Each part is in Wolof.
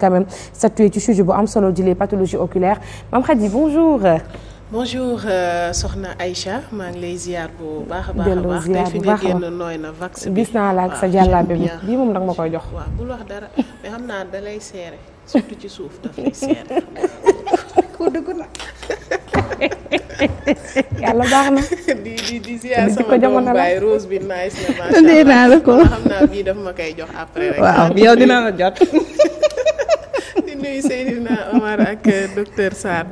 quand même ci sujet bu am solo di les pathologies oculaires Mame Khady bonjour bonjour euh, soxna Aïcha maa ngi lay ziar bu baax a baax a baax bi gis naa la sa jàllaabe bi moom danga ma koy jox waaw da lay seere surtout ci suuf daf yàlla baax na. di di di ziar sama doom naa la ko koy jox nuyu Seydina Omar ak euh, docteur Sarr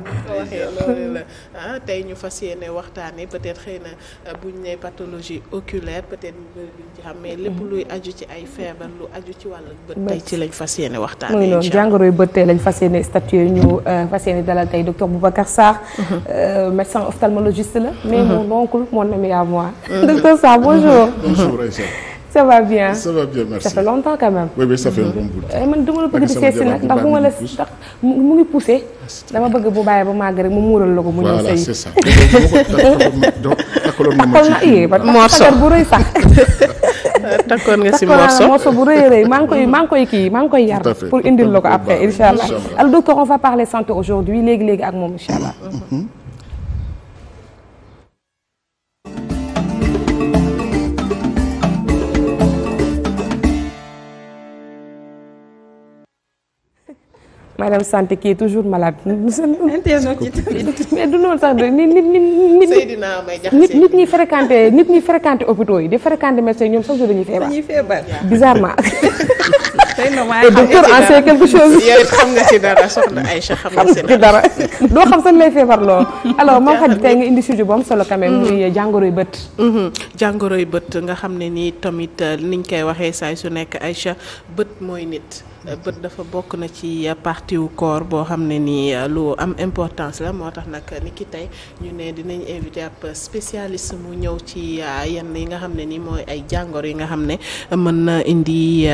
ah, tey ñu fas yéene waxtaanee peut-être xëy na euh, buñ ne pathologie oculaire peut-être ñu bëri duñ lépp mhm. luy aju ci ay feebar lu aju ci wàllu bët tey ci lañ fas yéene waxtaanee. muy jàngoro jàngoroy bët tey lañ fas yéene statué ñu euh, fas yéene dalal tey docteur Boubacar Sarr. Mhm. médecin ophtalmologiste la. Mhm. mais mon oncle mon ami à moi. docteur Sarr bonjour. bonjour Aïcha. ça va bien ça va bien merci ça fait longtemps quand même. oui oui ça fait un bon bout. Eh, man dama la bëgg di seet si nag ndax bu ma la ndax mu ngi poussé. Ah, dama bëgg bu bàyyi ba màgg rek mu muural la ko. mu ñëw sëy voilà c'est ça. donc takkaloon na ma ci morso bu rëy sax. takkoon nga si morso morso bu rëy rëy maa ngi koy maa ngi koy kii maa ngi koy yar. pour indil la ko après incha allah. alors docteur on va parler santé aujourd'hui léegi léegi ak moom incha allah. Mm-hmm. madame santé kii toujours malade. internaute yi tamit. mais du noonu sax de nit ñi fréquenté nit ñi fréquenté hôpitaux yi di fréquenté médecin ñoom chaque jour dañuy feebar. dañuy feebar bizarrement. te docteur en sait quelque chose. yow xam nga si dara soxna Aïcha xam nga si dara. doo xam sax lay feebar lool. alors moom xam tey nga indi sujet bu am solo quand même. Mm-hmm. muy jàngoroy bët. Mm-hmm. jàngoroy bët nga xam ne nii tamit niñ koy waxee saay su nekk ay Aïcha bët mooy nit. Euh, bët dafa bokk na ci euh, partie wu corps boo xam ne nii euh, lu am importance la moo tax nag ni ki tey ñu ne dinañ invité ab spécialiste mu ñëw ci yenn yi nga xam ne nii mooy ay jàngoor yi nga xam ne mën na indi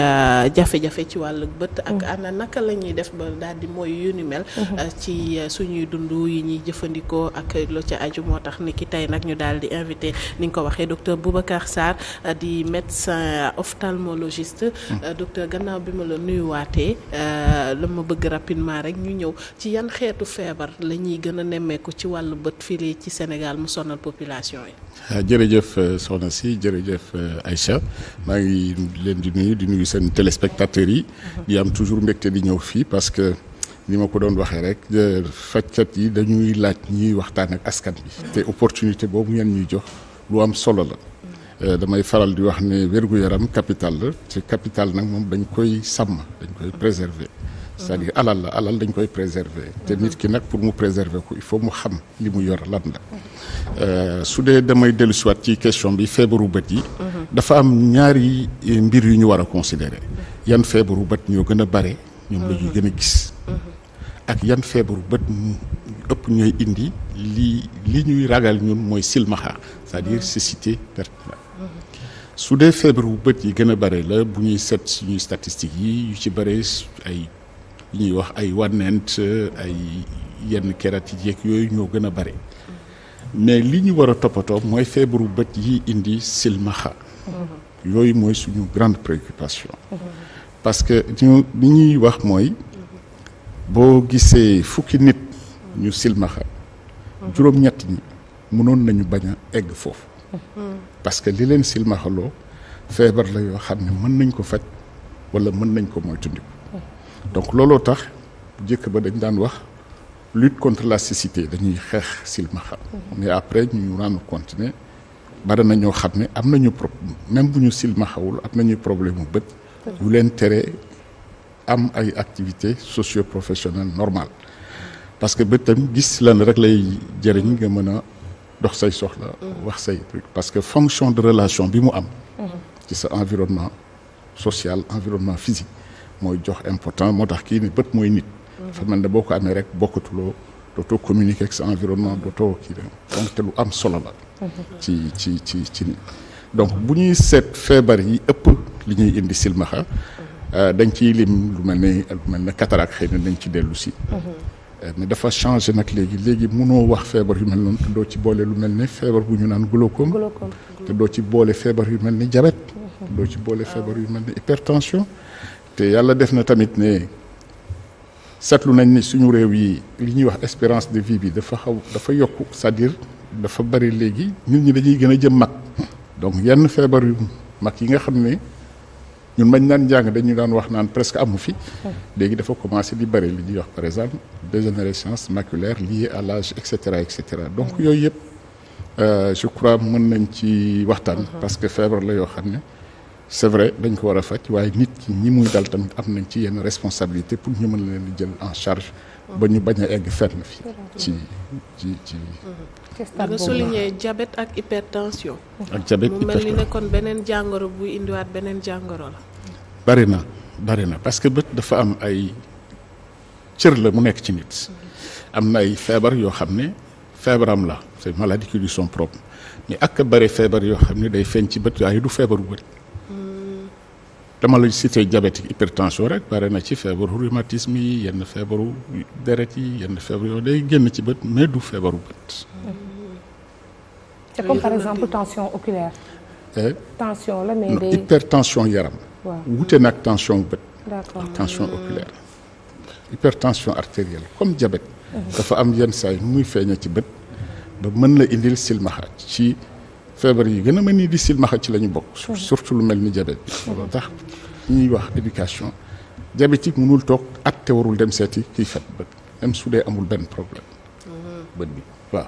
jafe-jafe ci wàll bët. ak mm. ana naka la ñuy def ba daal di mooy yu ni mel. Mm-hmm. ci suñuy dund yi ñuy jëfandikoo ak lo ca aju moo tax ni ki tey nag ñu daal di invité ni nga ko waxee docteur Boubacar Sarr di médecin ophtalmologiste. Mm. docteur gannaaw bi ma la nuyuwaat ñëwaatee dama euh, bëgg rapidement rek ñu ñëw ci yan xeetu feebar la ñuy gën a nemmeeku ci wàllu bët fii ci Sénégal mu sonal population yi. Ah, jërëjëf euh, soxna si jërëjëf euh, Aïcha maa ngi leen di nuyu di nuyu seen téléspectateurs yi. Mhm. di am toujours mbégte di ñëw fii parce que. ni ma ko doon waxee rek fajkat yi dañuy laaj ñuy waxtaan ak askan bi mhm. te opportunité boobu ngeen ñuy jox lu am solo la Euh, damay faral di wax ne wér yaram capital la ci capital nag moom dañ koy sàmm dañ koy préserver c'est-à-dire alal la alal dañ koy préserver te nit ki nag pour mu préserver ko il faut mu xam li mu yor lan la euh, su dee damay dellu siwaat ci question bi feebaru bët yi dafa am ñaari mbir yu ñu war a considérer yan feebaru bët ñoo gën a bare ñoom la ñuy gën a gis ak yan feebaru bët ëpp ñooy indi li li ñuy ragal ñun mooy silmaxa c'est-à-dire cécité perpétuelle su dee feebaru bët yi gën a bare la bu ñuy set suñuy statistiques yi yu ci bare ay ñuy wax ay wànneent ay yenn kératite yeeg yooyu ñoo gën a bare mais li ñu war a toppatoo mooy feebaru bët yi indi silmaxa yooyu mooy suñu grande préoccupation parce que li ñuy wax mooy boo gisee fukki nit ñu silmaxa juróom-ñett ñi mënoon nañu bañ a egg foofu parce que li leen silmaxaloo feebar la yoo xam ne mën nañ ko faj wala mën nañ ko moytandiku donc looloo tax jëkk ba dañ daan wax lutte contre la cécité dañuy xeex silmaxa mais après ñu rendre compte ne bari na ñoo xam ne am nañu pro même bu ñu silmaxawul am nañuy problème mu bët yu leen tere am ay activités socio-professionnelles normal parce que bëtam gis lan rek lay jëriñ nga mën a dox say soxla wax say truc parce que fonction de relation bi mu am ci sa environnement social environnement physique mooy jox important moo tax kii ni bët mooy nit dafa mel ne boo ko amee rek bokkatuloo dootoo communiquer ak sa environnement dootoo kii donc te lu am solo la ci ci ci ci donc bu ñuy seet feebar yi ëpp li ñuy indi silmaxa euh, dañ ci lim lu mel ne lu mel ne cataracte xëy na dañ ci dellu si Euh, mais dafa changé nag léegi léegi mënoo wax feebar yu mel noonu te doo ci boole lu mel ni feebar bu ñu naan glaucome te doo ci boole feebar yu mel ni diabète te mm-hmm. doo ci boole ah. feebar yu mel ni hypertension te yàlla def na tamit ne seetlu nañ ni suñu réew yi li ñuy wax espérance de vie bi dafa xaw dafa yokk cest à dafa bari léegi nit ñi dañuy gën a jëm mag donc yenn feebar yu mag yi nga xam ne ñun mañ naan jàng dañu daan wax naan presque amu fi léegi dafa commencé li bëri li di wax par exemple dégénérescence maculaire liée à l'âge et cetera et cetera donc yooyu yëpp euh, je crois mën nañ ci waxtaan uh-huh. parce que feebar la yoo xam ne c'est vrai dañ ko war a faj waaye nit ki ñi muy dal tamit am nañ ci yenn responsabilité pour ñu mën leen jël en charge ba ñu bañ a egg fenn fi ci ci ci uh-huh. ci stade jabet ak hypertension. ak diabète hypertension mu mel ni ne kon beneen jàngoro buy indiwaat beneen jàngoro la. bari na bari na parce que bët dafa am ay cër la mu nekk ci nit. am na ay feebar yoo xam ne feebaram la c'est maladie qui lui sont propres mais ak bare feebar yoo xam ne day feeñ ci bët waaye du feebaru bët. dama la cité diabétique hypertension rek bare na ci feebaru rhumatisme yi yenn feebaru deret yi yenn feebaru yooyu day génn ci bët mais du feebaru bët. c'est comme par euh? hypertension yaram. waaw wute nag tension bët. d'accord tension oculaire. hypertension artérielle comme diabète. Mhm. dafa am yenn saa yi muy feeña ci bët. ba mën la indil silmaxa ci. feebar yi gën a mel nii di silmaxa ci la ñu bokk. surtout lu mel ni diabète bi. loolu tax ñuy wax éducation diabétique mënul toog at te warul dem seeti kiy faj bët même su dee amul benn problème. Mm-hmm. bët bi waaw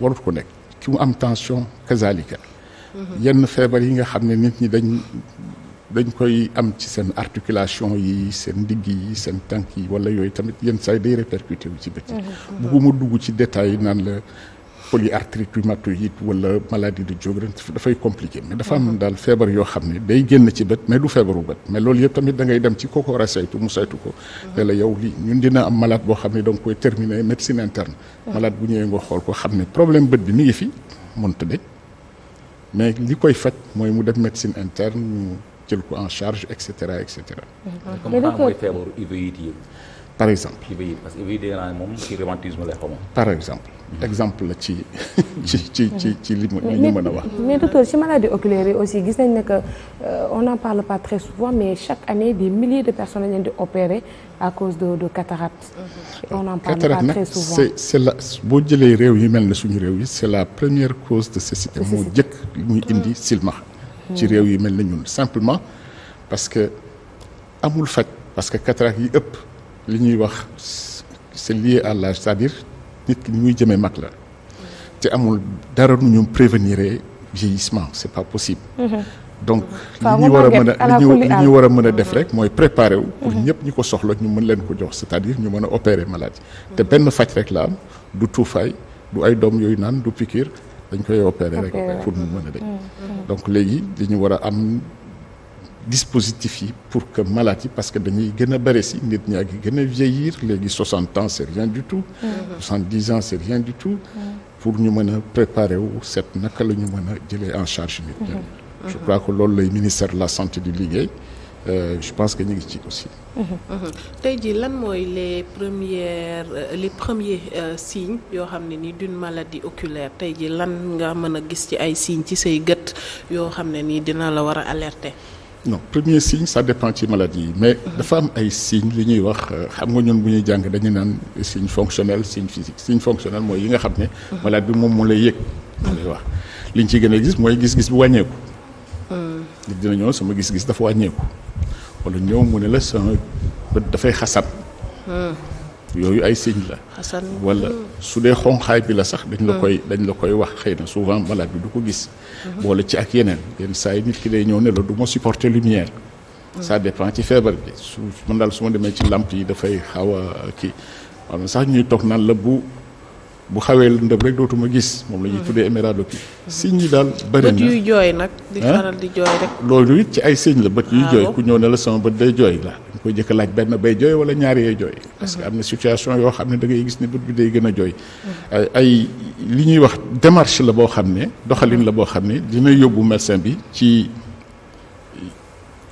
warut ko nekk ki mu am tension kazalika. Mm-hmm. yenn feebar yi nga xam ne nit ñi dañ dañ koy am ci seen articulation yi seen ndigg yi seen tànk yi wala yooyu tamit yenn saa yi day répercuté wu ci bët yi. Mm-hmm. bugguma dugg ci détails yi naan la. polyarthrite rhumatoïde wala maladie de Sjogren dafay compliqué mais dafa am mhm. daal feebar yoo xam ne day génn ci bët mais du feebaru bët mais loolu yëpp tamit da dem ci kooku war a saytu mu saytu ko mhm. ne la yow lii ñun dina am malade boo xam ne danga koy terminer médecine interne mhm. ko xam ne problème bët bi mi ngi fi mënut mais li koy faj mooy mu def médecine interne ñu jël ko en charge et cetera et cetera par exemple par exemple exemple la ci ci ci ci ci li ñu mën a wax. mais docteur ci maladie oculaire yi aussi gis nañ ne que euh, on n'en parle pas très souvent mais chaque année des milliers de personnes lañ leen di opérer à cause de de cataracte. Mm-hmm. on n'en parle pas très nag c'est boo jëlee réew yi mel na suñu réew yi c'est la première cause de cécité moo jëkk muy indi mm. silmaxa ci mm. réew yi mel na ñun simplement parce que amul faj parce que cataracte yi ëpp li ñuy wax c'est lié à l'âge cest nit ki muy jëmee mag la te amul dara nu ñu prévenir vieillissement c'est pas possible mm-hmm. donc mm-hmm. li ñu war mën a li ñu war a mën a def mm-hmm. rek mooy préparer wu pour ñëpp ñi ko soxla ñu mën leen ko jox c'est-à-dire ñu mën a opérer maladie te benn faj rek la am du tuufaay du ay doom yooyu naan du piqûre dañ koy opérer rek pour mu mën a dañ donc léegi li ñu war a am dispositif yi pour que malade yi parce que dañuy gën a bëri si nit ñaa ngi gën a vieillir léegi soixante ans c'est rien du tout mm-hmm. soixante dix ans c'est rien du tout mm-hmm. pour ñu mën a wu set naka la ñu mën a en charge nit ñi mm-hmm. je crois que la santé di liggéey Euh, je ñu ngi ci aussi. tey jii lan mooy les premières euh, les premiers euh, signes yoo xam ne ni d'une maladie oculaire tey jii lan nga mën a gis ci ay signes ci say gët yoo xam ne nii dina la war a alerter. non premier signe ça dépend ci maladie yi mais dafa am ay signes li ñuy wax euh, xam nga ñun bu ñuy jàng dañu naan signe fonctionnel signe physique signe fonctionnel mooy yi nga xam ne. malade bi moom moo lay yëg. moo wax li ñu ciy gën a gis mooy gis-gis bu wàññeeku. li mmh. dina ñëw sama gis-gis dafa wàññeeku wala ñëw mu ne la sama dafay xasat. Mmh. yooyu ay signe la wala hmm. su dee xonqaay bi la sax dañ la hmm. koy dañ la koy wax xëy na souvent malade bi du ko gis hmm. boole ci ak yeneen yenn saa yi nit ki day ñëw ne la du ma supporter lumière ça dépend ci feebar bi su man daal su ma demee ci lamp yi dafay xaw a kii am sax ñuy toog naan la bu bu xawee ndëm rek dootuma gis moom la ñuy tuddee héméradopie signe yi daal bëri na nag loolu it ci ay signe la bët yuy jooy ku ñëw ne la sama bët day jooy la koy jëkk laaj benn bay jooy wala ñaar yee jooy mhm. parce que am na situation yoo xam ne da ngay gis ne bët bi day gën a jooy mhm. ay li ñuy wax démarche la boo xam ne doxalin la boo xam ne dina yóbbu médecin bi ci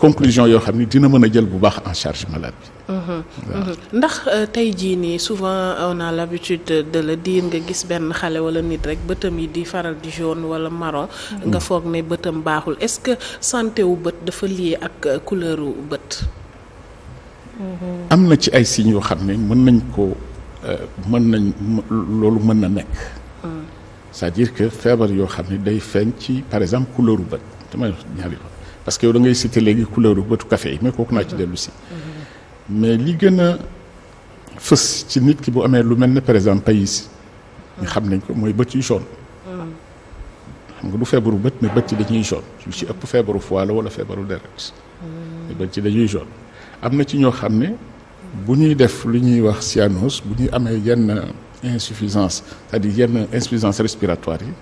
conclusion yoo xam ni dina mën a jël bu baax en charge malade bi mhm. ndax euh, tey jii nii souvent on a l'habitude de le dire nga gis benn xale wala nit rek bëtam yi di faral di jaune wala marron nga foog ne bëtam baaxul est-ce que santé wu bët dafa lié ak euh, couleur bët am na ci ay signes yoo xam ne mën nañ ko euh, mën nañ loolu mën na nekk c'est-à-dire que feebar yoo xam ne day feeñ ci par exemple couleur u bët damay wax ñaari yoon parce que yow da ngay léegi couleur u bëtu café yi mais kooku naa ci dellu si mais li gën a fës ci nit ki bu amee lu mel ne par exemple pays ñu xam nañ ko mooy bët yu jaune xam nga du feebaru bët mais bët yi dañuy jaune yu ci ëpp feebaru foie la feebaru deret mais bët yi dañuy jaune am na ci ñoo xam ne bu ñuy def lu ñuy wax cyanose bu ñuy amee yenn insuffisance c'est-à-dire yenn insuffisance respiratoire yi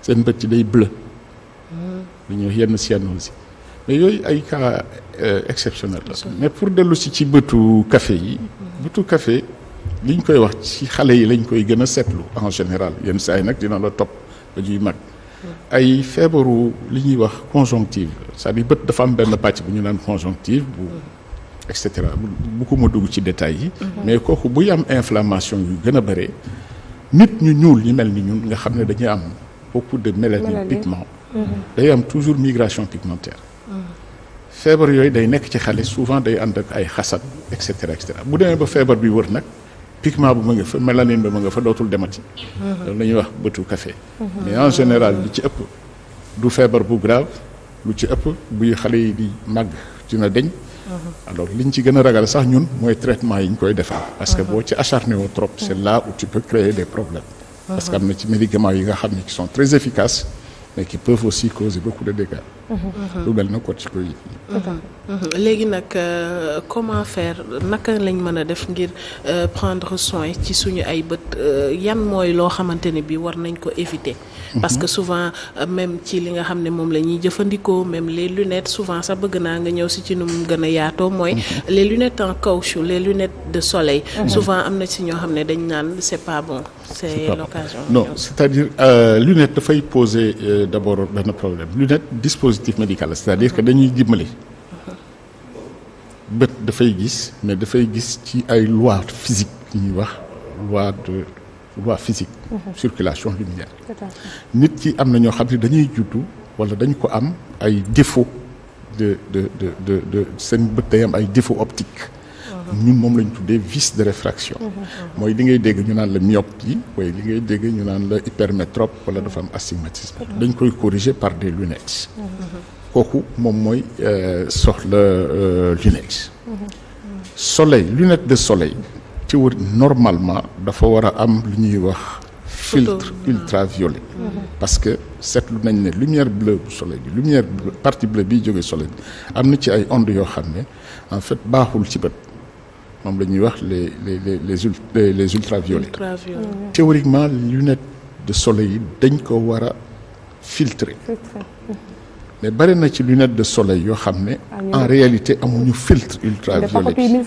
seen bët ci day bleu lu ñuy wax yenn cyanose yi mais yooyu ay cas euh, exceptionnel la mais pour dellu si ci bëtu kafe yi bëtu café liñ koy wax ci xale yi lañ koy gën a seetlu en général yenn saa yi nag dina la topp ba ñuy mag hmm. ay feebaru li ñuy wax conjonctive c'est-à-dire bët dafa am benn pàcc bu ñu naan conjonctive bu hmm. et cetera ma dugg ci détails yi. Mhm. mais kooku buy am inflammation yu gën a bare. nit ñu ñuul ñu mel ni ñun nga xam ne dañuy am beaucoup de mélanine pigment mhm. day am toujours migration pigmentaire. Mhm. feebar yooyu day nekk ci xale souvent day ànd ak ay xasat et cetera bu demee ba feebar bi wër nag. pigment bu ma nga fa mélanine ba ma nga fa dootul demati. loolu la ñuy wax bëtu café. mais en général lu ci ëpp du feebar bu grave lu ci ëpp buy xale yi di màgg dina deñ. Uh-huh. alors ñu ci gën ragal sax ñun mooy traitement yi ñu koy defal parce que uh-huh. boo ci acharné wu trop c'est là où tu peux créer des problèmes parce que uh-huh. am na ci médicaments yi nga xam ne qui son très efficaces mais qui peuvent aussi causer beaucoup de dégâts lu mel na corticoïde léegi nag euh, comment faire naka lañ mën a def ngir euh, prendre soin ci suñu ay bët euh, yan mooy loo xamante ne bi war nañ ko éviter mhm. parce que souvent même ci li nga xam ne moom la ñuy jëfandikoo même les lunettes souvent sax bëgg naa nga ñëw si ci nu mu gën a yaatoo mooy mhm. les lunettes en caoutchouc les lunettes de soleil mhm. souvent am na si ñoo xam ne dañ naan c'est pas bon c'est l'occasion non c'est-à-dire lunette dafay poser d'abord benn problème lunette dispositif médical c'est-à-dire que dañuy dimbali bët dafay gis mais dafay gis ci ay loi physique yi ñuy wax loi de loi physique mhm. circulation lumière nit ci am na ñoo xam ne dañuy juddu wala dañ ko am ay défaut de de de de de seen bët day ay défaut optique ñun moom lañ tuddee vice de réfraction mm-hmm. mooy li ngay dégg ñu naan la myopie waaye li ngay dégg ñu naan la hypermétrope wala dafa am astigmatisme mm-hmm. dañ koy corriger par des lunettes mm-hmm. kooku moom mooy euh, soxla euh, lunettes soleil lunette de soleil ci wër normalement dafa war a am lu ñuy wax filtre ultraviolet parce que seetlu nañ ne lumière bleue bu soleil bi lumière bleue partie bleue biy jógee soleil am na ci ay onde yoo xam ne en fait baaxul ci bët moom la ñuy wax les les les les les ultraviolets. ultraviolets. Mm. théoriquement lunette de soleil yi dañ ko war a filtrer. mais bari na ci lunette de soleil yoo xam ne. Ah, en réalité amuñu filtre ultraviolet.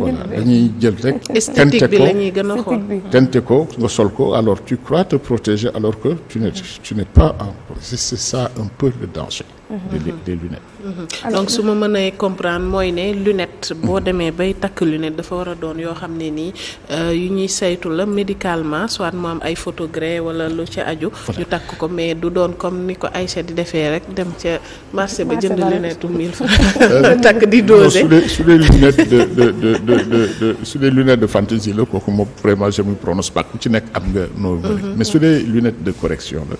voilà dañuy jël rek. esthétique bi la ñuy gën tente ko nga sol ko alors tu crois te protéger alors que tu n'es tu n'es pas en c'est ça un peu le danger. des des lunettes. Mm-hmm. donc su ma mën mënee comprendre mooy ne lunette boo mm-hmm. demee bay takk lunette dafa war a doon yoo xam ne nii euh, yu ñuy saytu la médicalement soit mu ay photogré wala lu ca aju. ñu takk ko mais du doon comme ni ko ay Aïcha di defee rek dem ca marché ba jënd lunette u 1000 francs euh, takk di dosé su dee su dee lunette de de de de de su la kooku moom vraiment je me prononce ci nekk am nga noo. Mm-hmm. mais su dee lunette de correction la.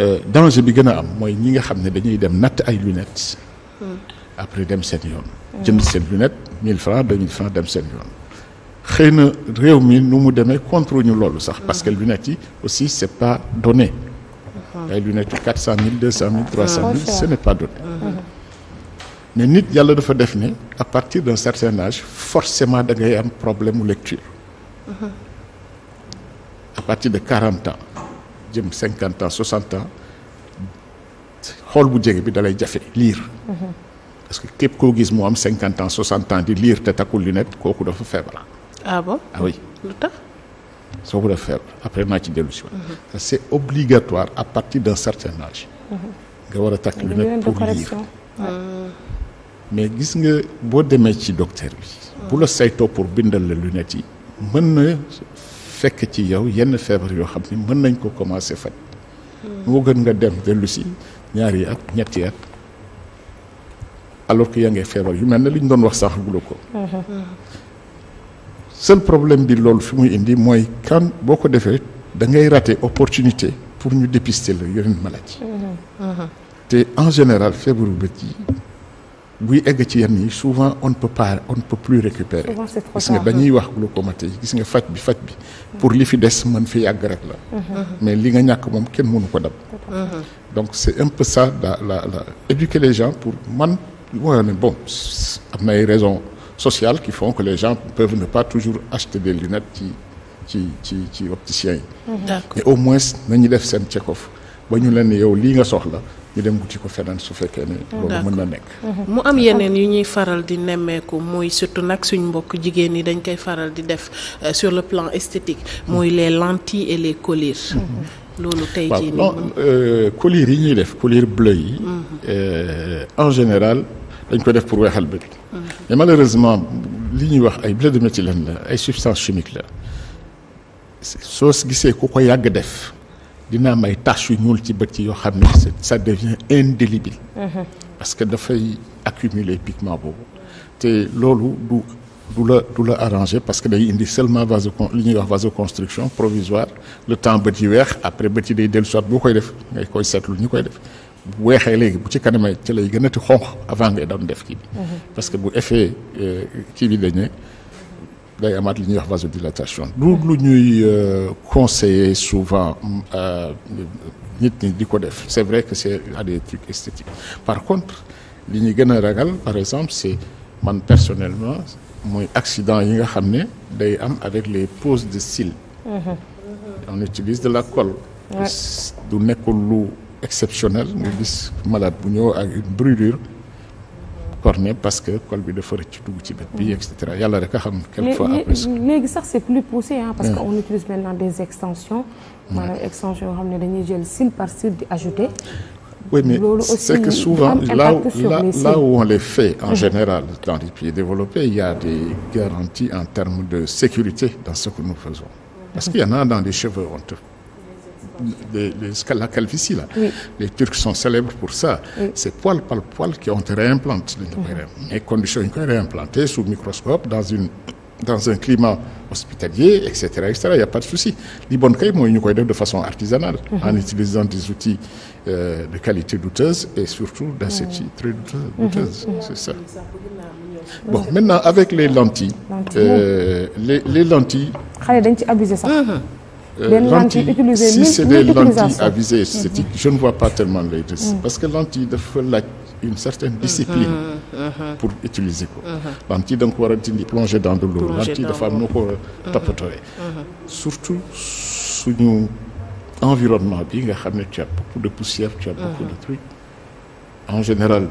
Euh, danger bi gën a am mooy ñi nga xam ne dañuy dem natt ay lunettes. Hmm. après dem seen yoon. jëm hmm. jënd seen lunette 1000 francs 2000 francs dem seen yoon. xëy na réew mi nu mu demee contre ñu loolu sax parce que hmm. lunettes yi aussi c'est pas donné. ay lunettes yu 400000 200000 300000 ce n'est pas donné. ne nit yàlla dafa def ne à partir d'un certain âge forcément da ngay am problème mu lecture. à partir de 40 ans. jëm cinquante ans soixante ans xool bu jege bi dalay jafe liir. Mm-hmm. parce que képp koo gis moo am cinquante ans soixante ans di liir te takkul lunette kooku dafa feebar. Ah ah ko dafa feebar après naa ci dellu si waat. Mm-hmm. c'est obligatoire à partir d'un certain âge. Mm-hmm. nga war a takk lunette pour liir. Mm. mais gis nga boo demee ci docteur bi. Mm. bu la saytoo pour bindal la lunette yi mën na fekk ci yow yenn feebar yoo xam ne mën nañ koo commencé faj moo gën nga dem dellu si ñaari at ñetti at alors que yaa ngi feebar yu mel ne li ñu doon wax sax gula ko seul problème bi loolu fi muy indi mooy kan boo ko defee da ngay rater opportunité pour ñu dépister la yooyu maladie mm-hmm. Mm-hmm. te en général feebaru bët yi buy egg ci yenn yi souvent on ne peut pas on ne peut plus récupérer gis nga ba ñuy wax glaucomate yi gis nga faj bi faj bi pour li fi des mën fi yàgg rek la mhm. mais li nga ñàkk moom kenn mënu ko dab mhm. donc c'est un peu ça la la la éduquer les gens pour man moo ne bon am na ay raisons sociales qui font que les gens peuvent ne pas toujours acheter des lunettes ci ci ci ci opticien yi mais au moins nañu def seen check-up ba ñu leen yow lii nga soxla ñu dem wuti ko feneen su fekkee ne loolu mën na nekk mu am yeneen yu ñuy faral di nemmeeku mooy surtout nag suñ mbokk jigéen ñi dañ koy faral di def euh, sur le plan esthétique mooy les lentilles et les collyres mhm. loolu tey jii waaw euh, yi ñuy def collyres bleu yi mhm. euh, en général dañ ko def pour weexal bët mhm. mais malheureusement li ñuy wax ay blé de méthylène la ay substance chimique la soo gisee ku ko yàgg def dina am ay taches yu ñuul ci bët yi yoo xam ne ça devient indélébile mm-hmm. parce que dafay accumuler pigment boobu te loolu du du la du la arrangé parce que day indi seulement vaso li ñuy wax vasoconstriction provisoire le temps bët yi weex après bët yi day dellu boo koy def ngay koy seetlu ñu koy def bu weexee léegi bu ci kanamee ci lay gën a ti xonq avant ngay doon def kii bi mm-hmm. parce que bu effet euh, kii bi dañee day amaat li ñuy wax vasodilatation du lu ñuy euh, conseiller souvent mm, euh, nit ñi di ko def c'est vrai que c'est à des trucs esthétiques par contre li ñuy gën a ragal par exemple c'est man personnellement mooy accident yi nga xam ne day am avec les poses de cils mm-hmm. on utilise de la colle du nekkul lu exceptionnel nga gis malade bu ñëw ak une brûlure cornée parce que col bi dafa rëcc dugg ci bët bi et cetera yàlla rek a xam. quelquefois après léegi sax c'est plus poussé hein, parce que on utilise maintenant des extensions. maanaam extension yoo xam ne dañuy jël cils par cils di ajouter. oui mais c'est que souvent là là là où on les fait en mhm. général dans les pays développés il y a des garanties en termes de sécurité dans ce que nous faisons. parce qu'il y en a dans les cheveux on te les, les, la calvitie là. Oui. Les Turcs sont célèbres pour ça. Oui. C'est poil par poil qu'on te réimplante. Dañ koy mais condition yi sous microscope dans un climat hospitalier et cetera y a pas de souci li bon kay de façon artisanale. Mhm. en utilisant des outils euh, de qualité douteuse et surtout d'asepsie très mhm. douteuse. c'est ça. euh, lentilles utilisées si c'est des lentilles à visée esthétique je ne vois pas tellement lay des mm-hmm. parce que lentille dafa laaj une certaine mm-hmm. discipline mm-hmm. pour utiliser ko lentille da nga ko war a tindi plonger dans de l'eau lentille dafa am noo ko toppatoo surtout suñu environnement bi nga xam ne tu beaucoup de poussière tu as beaucoup de trucs en général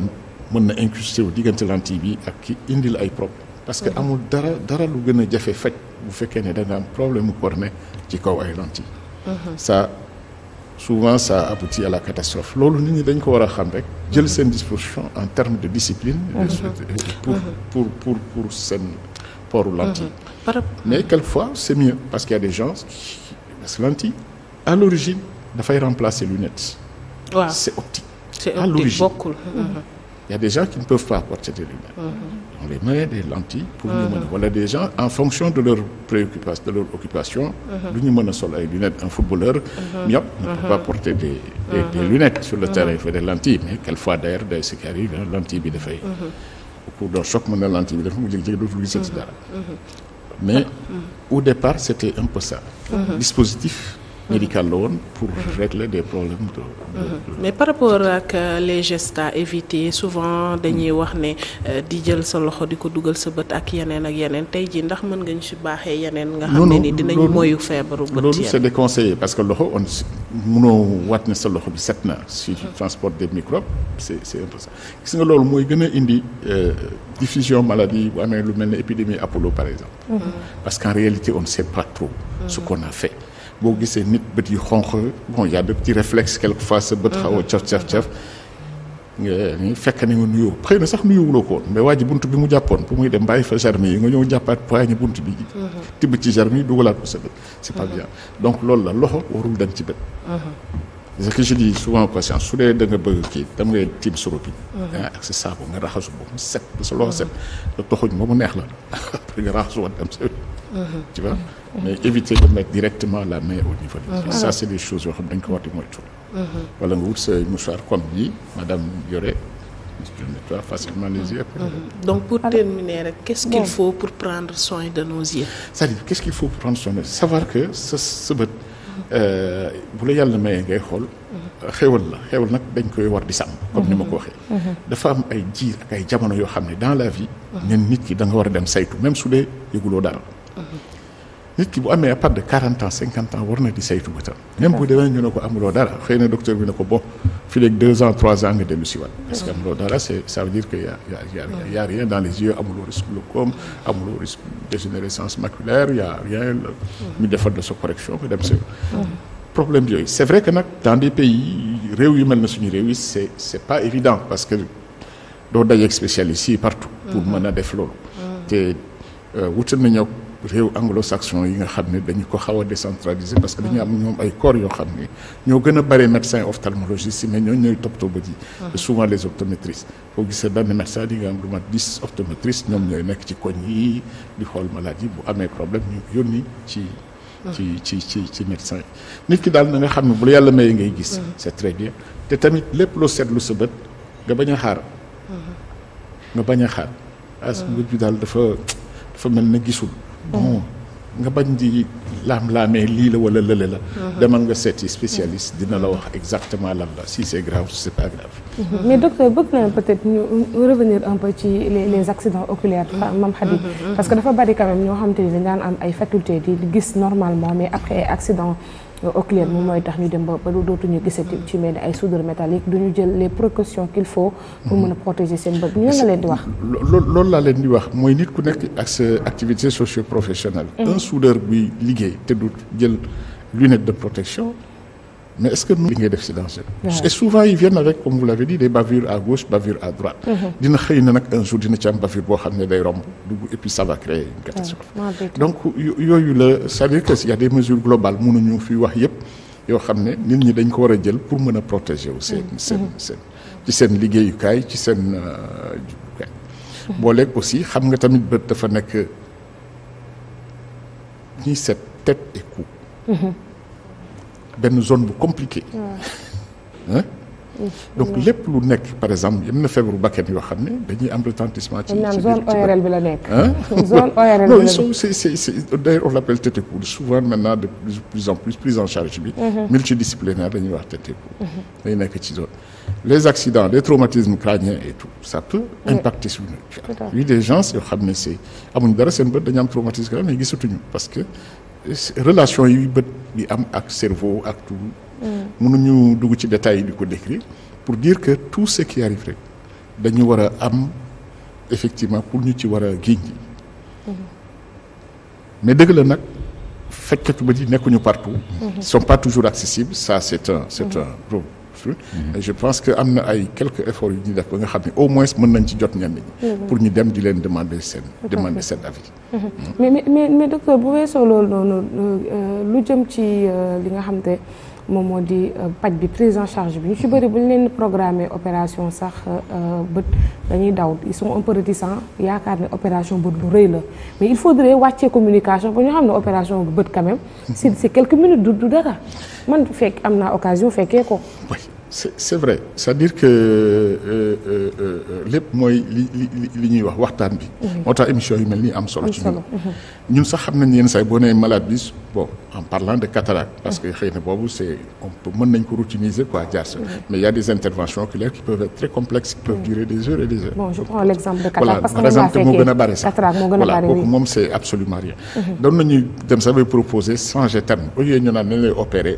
mën na incrusté wu diggante lentille bi ak ki la ay problème parce que amul dara dara lu gën a jafe faj bu fekkee ne da nga problème mu cornée ci kaw ay lentilles. ça souvent ça aboutit à la catastrophe loolu nit ñi dañ ko war a xam rek. jël seen disposition en termes de discipline. Euh, pour pour pour pour seen poru lentille. Mhm. mais quelquefois c'est mieux parce qu'il y des gens parce que lentille à l'origine dafay remplacer lunette. waaw c'est optique. c'est optique y a des gens qui ne peuvent pas porter des lunettes. On mhm. les met des lentilles pour ñu mën a wala des gens en fonction de leur préoccupation de leur occupation. du mhm. ñu mën a sol ay lunettes un footballeur. Mhm. ñëpp ne peut pas porter des des, des lunettes sur le terrain il faut des lentilles mais quelquefois d'ailleurs day ce qui arrive lentille bi dafay. au cours d'un choc mën na bi dafa mu jékki mais au départ c'était un peu ça. Le dispositif. médical la woon pour régler de, de, mhm. de... mais par rapport ak euh, les gestes à éviter souvent dañuy wax ne euh, di jël sa loxo di ko dugal sa bët ak yeneen ak yeneen tey jii ndax mën nga ñu si baaxee yeneen nga xam ne nii dinañ mooyu feebaru bët loolu c'est déconseillé parce que loxo on munoo wat sa loxo bi set na si mhm. transport des microbes c'est c'est impossible gis nga loolu mooy gën a indi euh, diffusion maladie bu amee lu mel ne épidémie Apollo par exemple mhm. parce qu'en réalité on ne sait pas trop ce qu'on a fait boo gisee nit bët yi xonq bon y a reflex petits réflexes quelquefois sa bët xaw a mhm. caf caf caf nga fekk ni nga nuyoo xëy na sax nuyuwuloo ko woon mais waa ji bunt bi mu jàppoon pour muy dem bàyyi fa germe yi nga ñëw jàppaat poignée bunt bi mhm. tibb ci germe yi dugalaat ko sa bët c'est pas mhm. donc loolu la loxo warul dem ci bët sa que je dis souvent patient su dee da nga bëgg kii dam ngay tiim soropi da nga ak sa saabu nga raxasu ba mu set ba sa loxo set la toxuñ ba mu neex la après nga raxasu woon dem Mm-hmm. tu vois mm-hmm. mais éviter de mettre la main au niveau du pied mm-hmm. ça c'est des choses yoo xam dañ ko war di moytu wala sa mouchoir comme nii madame yore je savoir que sa sa bët euh, bu la yàlla mayee ngay xool xewal la xewal nag dañ koy war di sàmm comme ni ma ko waxee dafa am ay jiir ak ay jamono yoo xam ne dans la vie nen nit ki da nga war a dem saytu même su dee yëguloo dara nit ki bu amee à part de quarante ans cinquante ans war na di saytu bëtam même bu demee ñu ne ko amuloo dara xëy na docteur bi ne ko bon fii léegi deux ans trois ans nga dellu si waat parce que mm-hmm. amuloo dara c'est ça veut que y a mm-hmm. les yeux amuloo risque glaucome amuloo risque dégénérescence maculaire y a rien mm-hmm. ñu defal la sa correction nga dem si problème yooyu c'est vrai que nag dans des pays réew yu mel na suñu réew yi c'est c'est pas évident parce que doo dajeeg spécialiste yi partout pour mën a def loolu te euh, wutal nañu réew anglo-saxon yi nga xam ne dañu ko xaw a décentraliser parce que dañu am ñoom ay corps yoo xam ne ñoo gën a bare médecin ophtalmologiste yi mais ñooñu ñooy toppatoo bët mm. yi souvent les optométristes boo gisee benn médecin di nga am lu mat dix optométristes ñoom ñooy nekk ci koñ yi di xool maladie bu amee problème ñu yónni ci mm. ci ci ci ci médecin yi nit ki daal na nga xam ne bu la yàlla mayee ngay gis mm. c'est très bien te tamit lépp loo seetlu sa bët nga bañ a xaar mm-hmm. nga bañ a xaar as mbir bi daal dafa dafa mel na gisul bon nga bañ di laam-laamee lii la wala lële la. Mhm. demal nga seeti spécialiste dina la wax exactement lan la si c'est grave c'est pas grave. Mhm. mais docteur bëgg naa peut-être ñu revenir un peu ci les les accidents oculaires. Mhm. Ah, Mame Khady parce que dafa bari quand même ñoo xamante ni dañ daan am ay faculté di gis normalement mais après ay oculaire euh, moom mooy tax ñu dem ba dootuñu gisati ci mel ni ay soudure métallique duñu jël les précautions qu'il faut pour mën a mhm. protéger seen bët ñu nga leen di wax loolu laa leen di wax mooy nit ku nekk ak sa activité socio professionnelle mhm. un soudeur buy liggéey te du jël lunette de protection mais est-ce que nous ngay def si danger et souvent ils viennent avec comme vous l'avez dit des bavures à gauche bavures à droite mm-hmm. dina xëy na nag un jour dina ci am bavure boo xam ne day romb dugg et puis ça va créer une catastrophe donc yooyu la c'est-à-dire que y a des mesures globales fi wax yëpp yoo xam ne nit ñi dañ ko war a jël pour mën a protéger wu seen mm-hmm. seen seen ci seen liggéeyukaay ci seen euh, jubukaay mm-hmm. booleeg aussi xam nga tamit bët dafa nekk ñi set tête et cou benn zone bu compliquée. Ouais. donc lépp lu nekk par exemple yem na feebaru bakkan yoo xam ne dañuy am retentissement. ci ci zone ORL bi la nekk. de plus en plus prise en charge mm-hmm. mm-hmm. ci zone les accidents les traumatismes crâniens et tout ça peut impacter suñu. tout à fait des gens yoo xam ne c'est amuñ dara seen bët dañu traumatisme crânien mais gisatuñu parce que. relation yi bët yi am ak cerveau ak tout mm. mënuñu dugg ci détails yi di ko décrire pour dire que tout ce qui arrive rek dañu war a am effectivement pour ñu ci war a giiñ mm-hmm. mais dëgg la nag fekkatu ba di nekkuñu partout mm-hmm. ils sont pas toujours accessibles ça c'est un c'est mm-hmm. un problème couverture. et je pense que am na ay quelques efforts yu ñuy def ba nga xam ne au moins mën nañ ci jot ñenn ñi. Mm-hmm. pour ñu dem di leen demander seen. demander seen avis. Mm-hmm. mais mais mais bu weesoo loolu noonu euh, lu jëm ci euh, li nga xam te moom moo di euh, paj bi prise en charge bi ñu ci bëri bu ñu leen programmer opération sax euh, bët dañuy daw il sont un peu yaakaar ne opération bët lu rëy la mais il faudrait wàccee communication ba ñu xam ne opération bët quand même si c'est quelques minutes du dara man fekk am naa occasion fekkee ko c'est c'est vrai c'est-à-dire que euh, lépp mooy li li li ñuy wax waxtaan bi moo tax émission yu mel nii am solo ci ñun sax xam nañ yenn saay boo nee malade boo en parlant de cataracte parce que xëy na boobu c'est on peut mën nañ ko routiniser quoi jaar sa mais il a des interventions oculaires qui peuvent très complexes qui peuvent durer des heures et des heures. bon parce que moo gën a bari sax voilà kooku moom c'est absolument rien. Mhm. doon nañu dem sax bay proposer changer terme au lieu ñu naan dañu lay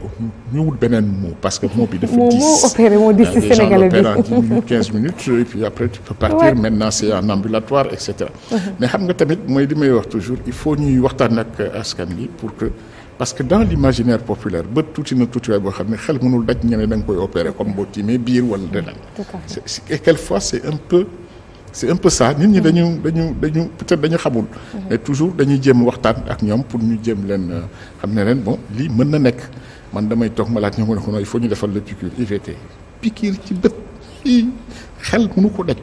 ñu wut beneen mot parce que moo bi en dix minutes quinze minutes et puis après tu peux partir maintenant c'est en mhm. nga tamit mooy li may wax toujours il faut ñuy waxtaan ak askan wi pour que. parce que dans l'imaginaire populaire bët tuuti na tuutiwaay boo xam ne xel mënul daj ñene da nga koy opérer comme boo tiimee biir wala leneen et quelquefois nit ñi dañu dañu dañu peut dañu xamul mhm. mais toujours dañuy jéem waxtaan ak ñoom pour ñu jéem leen euh, xam ne leen bon lii mën na nekk man damay toog ma laat ñoo ma ne ko non il faut ñu defal la piqûre IVT piqûre ci bët i xel mënu ko daj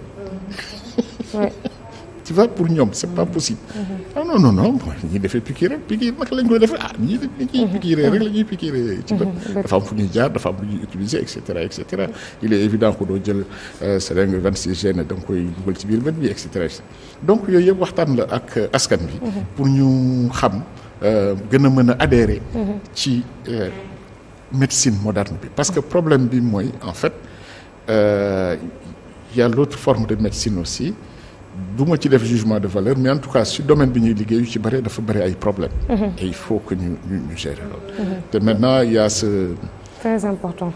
tu pour ñoom c'est pas possible. Mm-hmm. ah non non non mooy ñuy defee piqûre rek piqûre lañ koy defee ah ñii dañ ciy mm-hmm. piqûre rek la ñuy piqûre ci bët dafa am fu ñuy jaar dafa am lu ñuy utiliser et cetera et cetera euh, donc yooyu yëpp waxtaan la ak euh, askan bi. Mm-hmm. pour ñu xam euh, gën a mën a adhérer. ci médecine moderne bi parce que problème bi mooy en fait euh, y a l'autre forme de médecine aussi. du ma ci def jugement de valeur mais en tout cas si domaine bi ñuy liggéey yu ci bëri dafa bëri ay problèmes. Mhm. et il faut que ñu gérer loolu. Mhm. te maintenant il y a ce. très important.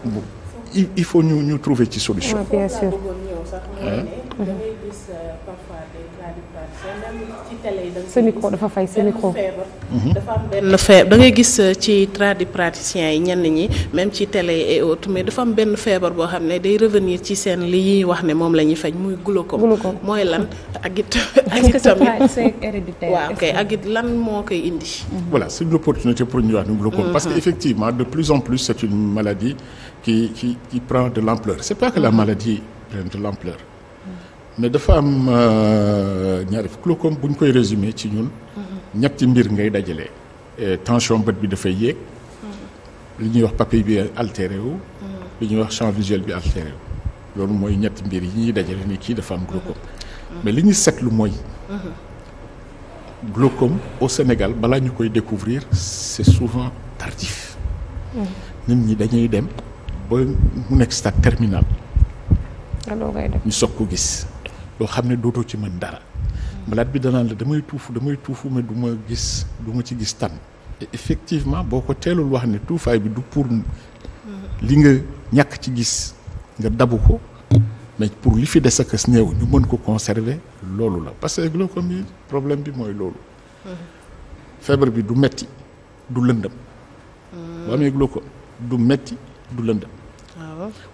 il faut ñu trouver ci solution. Oui, bien sa dafa fay sa micro. Mhm. dafa am benn feebar da ngay gis euh, ci tradipraticiens yi ñenn ñi même ci télé et autres mais dafa am benn feebar boo xam ne day revenir ci seen li ñuy wax ne moom la ñuy faj muy gulo ko mooy lan ak it. ak it tamit c'est héréditaire. waaw kay lan moo koy indi. Mhm. voilà c'est une opportunité pour ñu wax ni glaucome. parce que mhm. effectivement de plus en plus c'est une maladie qui qui qui prend de l'ampleur c'est pas que la maladie prenne de l'ampleur mais dafa am euh, ñaari glaucome bu ñu koy résumer ci ñun. ñetti mbir ngay dajale. tension bët bi dafay yéeg. li ñuy wax papille bi altéré wu. li ñuy wax champ visuel bi altéré wu. loolu mooy ñetti mbir yi ñuy dajale ni kii dafa am glaucome. mais li ñu seetlu mooy. glaucome au Sénégal balaa ñu koy découvrir c'est souvent tardif. nit ñi dañuy dem ba mu nekk stade terminal. ñu soog ko gis. loo xam ne dootoo ci mën dara malade bi danaan la damay tuufu damay tuufu mais du ma gis du ma ci gis tan et effectivement boo ko teelul wax ne tuufaay bi du pour li nga ñàkk ci gis nga dabu ko mais pour li fi des ak néew ñu mën ko conserver loolu la parce que glaucome yi problème bi mooy loolu feebar bi du metti du lëndëm boo amee glaucome du metti du lëndëm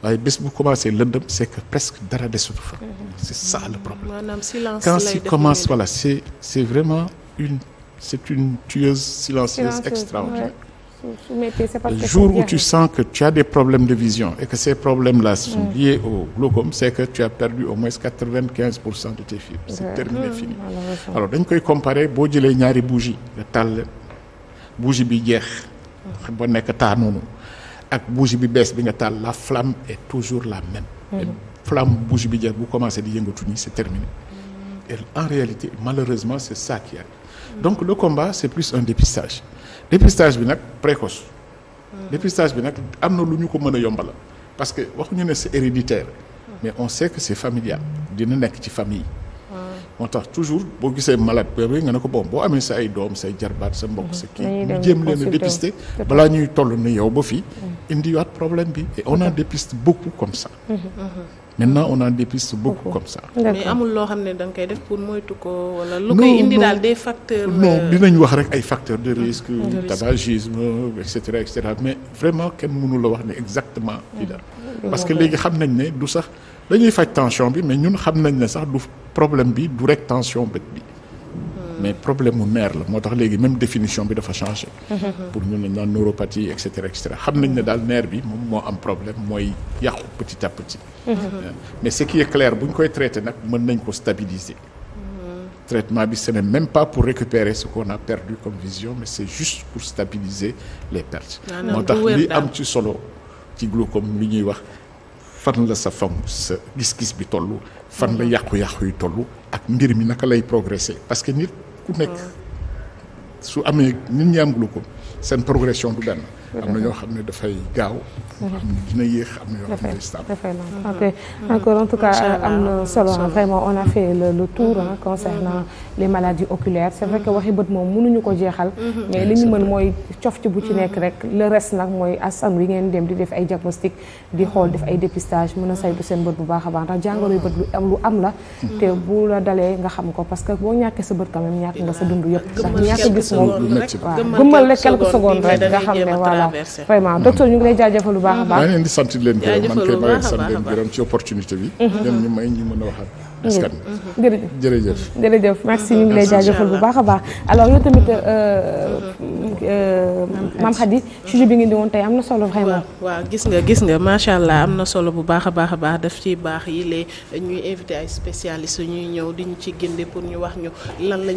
waaye bis bu commencé lëndëm c' est que presque dara desatu fa. c' est ça le problème. quand si commence voilà c' est vraiment une c' est une tueuse silencieuse extraordinaire jour où tu sens que tu as des problèmes de vision et que ces problèmes là sont liés au glaucome c' que tu as perdu au moins quatre vingt quinze pour cent de tes fibres c' est terminé ah, fini alors dañ koy comparer boo jëlee ñaari bougie nga tàll bougie bi jeex ba nekk taa noonu ak bougie bi bees bi nga taal la flamme et toujours la même. Mm-hmm. flamme bougie bi jeex bu commencé di yëngatu nii c'est terminé. Mm-hmm. en réalité malheureusement c'est ça qui arrive. Mm-hmm. donc le combat c'est plus un dépistage dépistage bi nag précoce. dépistage bi nag am na lu ñu ko mën a yombala parce que waxuñu ne c'est héréditaire. mais on sait que c'est familial dina nekk ci famille. moo tax toujours boo gisee malade bébé nga ne ko bon boo amee sa ay doom say jarbaat sa mbokk sa kii mm-hmm. ñu jéem leen a dépister balaa ñuy toll ni yow ba fii mm-hmm. indiwaat problème bi et a dépisté beaucoup comme ça mm-hmm. maintenant a des pistes beaucoup comme ça. amul loo xam ne da nga koy def pour moytu ko wala. lu koy indi daal des euh, facteurs. de risque. de risque tabagisme et cetera et cetera mais vraiment kenn mënu wax ne exactement. parce que léegi xam nañ ne du sax. dañuy faj tension bi mais ñun xam nañ ne sax du problème bi du rek tension bët bi hmm. mais problème mu nerf la moo tax léegi même définition bi dafa changé pour ñun lañ naan neuropathie et cetera xam nañ ne daal nerf bi moom moo am problème mooy yàqu petit à petit hmm. euh, mais ce qui est clair bu ñu koy traité nag mën nañ ko stabiliser hmm. traitement bi ce n'est même pas pour récupérer ce qu'on a perdu comme vision mais c'est juste pour stabiliser les pertes ah moo tax li am ci solo ci glaucome li ñuy wax fan la sa fam sa gis-gis bi toll fan la mhm. yàqu-yàqu yi toll ak mbir mi naka lay progresser parce que nit ku nekk mhm. su amee nit ñi am glaucome seen progression du benn. am na ñoo xam ne dafay gaaw. am na dina yéex am na yoo xam ne stable. tout cas am na solo vraiment on a fait le, le tour hein, mm-hmm. concernant mm-hmm. les maladies oculaires c'est vrai mm-hmm. que waxi bët moom mënuñu ko jeexal. mais li ñu mën mooy cof ci bu ci nekk rek le reste nag mooy askan yi ngeen dem di def ay diagnostic di xool def ay dépistage na say saytu seen bët bu baax a baax ndax jàngoro yu bët lu am lu am la. te bu la dalee nga xam ko parce que boo ñàkkee sa bët quand même ñàkk nga sa dund yëpp. ndax ñàkk gis seconde rek nga xam ne voilà vraiment docteur ñu ngi lay jaajëfal lu baax a baax. maa ngi leen di ngi sant leen gërëm ci opportunité bi. ñoom mhm. mën a waxaat. Mhm. askan mhm. jërëjëf jërëjëf jërëjëf merci ñu ngi lay jaajëfal bu baax a baax alors yow tamit euh, euh, maam Khady sujet bi ngeen di woon tey am na solo vraiment waaw gis nga gis nga macha allah am na solo bu baax a baax a baax def ci baax yi lee ñuy invité ay spécialistes ñuy ñëw di ñu ci génne pour ñu wax ñu lan lañ